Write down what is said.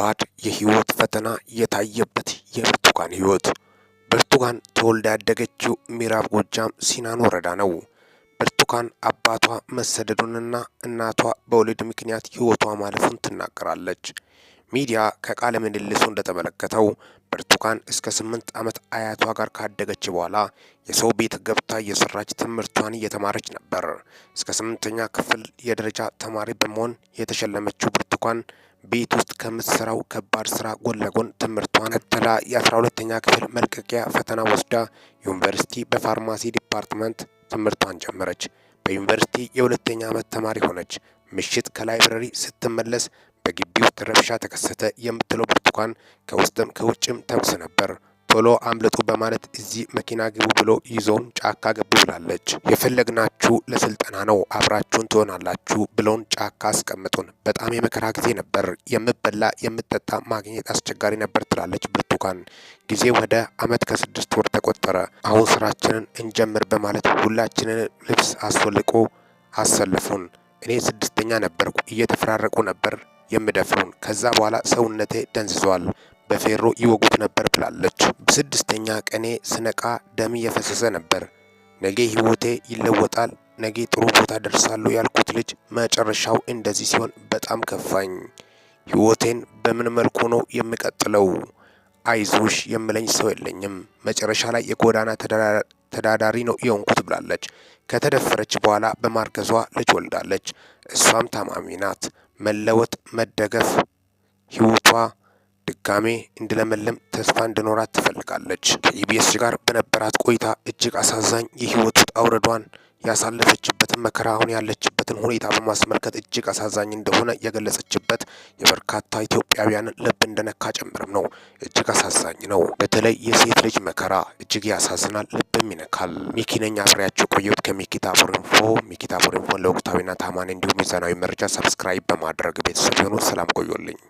ከባድ የህይወት ፈተና የታየበት የብርቱካን ህይወት። ብርቱካን ተወልዳ ያደገችው ምዕራብ ጎጃም ሲናን ወረዳ ነው። ብርቱካን አባቷ መሰደዱንና እናቷ በወሊድ ምክንያት ህይወቷ ማለፉን ትናገራለች። ሚዲያ ከቃለ ምልልሱ እንደተመለከተው ብርቱካን እስከ ስምንት ዓመት አያቷ ጋር ካደገች በኋላ የሰው ቤት ገብታ እየሰራች ትምህርቷን እየተማረች ነበር። እስከ ስምንተኛ ክፍል የደረጃ ተማሪ በመሆን የተሸለመችው ብርቱካን ቤት ውስጥ ከምትሰራው ከባድ ስራ ጎን ለጎን ትምህርቷን ቀጥላ የ12ኛ ክፍል መልቀቂያ ፈተና ወስዳ ዩኒቨርሲቲ በፋርማሲ ዲፓርትመንት ትምህርቷን ጀመረች። በዩኒቨርሲቲ የሁለተኛ ዓመት ተማሪ ሆነች። ምሽት ከላይብረሪ ስትመለስ በግቢው ረብሻ ተከሰተ የምትለው ብርቱካን ከውስጥም ከውጭም ተኩስ ነበር። ቶሎ አምልጡ በማለት እዚህ መኪና ግቡ ብሎ ይዞን ጫካ ገቡ ብላለች። የፈለግናችሁ ለስልጠና ነው አብራችሁን ትሆናላችሁ ብለውን ጫካ አስቀምጡን። በጣም የመከራ ጊዜ ነበር። የምበላ የምጠጣ ማግኘት አስቸጋሪ ነበር ትላለች ብርቱካን። ጊዜ ወደ አመት ከስድስት ወር ተቆጠረ። አሁን ስራችንን እንጀምር በማለት ሁላችንን ልብስ አስወልቆ አሰለፉን። እኔ ስድስተኛ ነበርኩ። እየተፈራረቁ ነበር የምደፍሩን። ከዛ በኋላ ሰውነቴ ደንዝዟል። በፌሮ ይወጉት ነበር ብላለች። በስድስተኛ ቀኔ ስነቃ ደም እየፈሰሰ ነበር። ነገ ህይወቴ ይለወጣል፣ ነገ ጥሩ ቦታ ደርሳለሁ ያልኩት ልጅ መጨረሻው እንደዚህ ሲሆን በጣም ከፋኝ። ህይወቴን በምን መልኩ ነው የምቀጥለው? አይዞሽ የምለኝ ሰው የለኝም። መጨረሻ ላይ የጎዳና ተዳዳሪ ነው የሆንኩት ብላለች። ከተደፈረች በኋላ በማርገዟ ልጅ ወልዳለች። እሷም ታማሚ ናት። መለወጥ፣ መደገፍ ህይወቷ ድጋሜ እንድለመለም ተስፋ እንድኖራት ትፈልጋለች። ከኢቢኤስ ጋር በነበራት ቆይታ እጅግ አሳዛኝ የህይወት ውጣ ውረዷን ያሳለፈችበትን መከራ አሁን ያለችበትን ሁኔታ በማስመልከት እጅግ አሳዛኝ እንደሆነ የገለጸችበት የበርካታ ኢትዮጵያውያንን ልብ እንደነካ ጭምርም ነው። እጅግ አሳዛኝ ነው። በተለይ የሴት ልጅ መከራ እጅግ ያሳዝናል፣ ልብም ይነካል። ሚኪነኛ ነኝ አብሬያቸው ቆየሁት ከሚኪ ታቦር ኢንፎ። ለወቅታዊና ታማኒ እንዲሁም ሚዛናዊ መረጃ ሰብስክራይብ በማድረግ ቤተሰብ የሆኑ ሰላም ቆዩልኝ።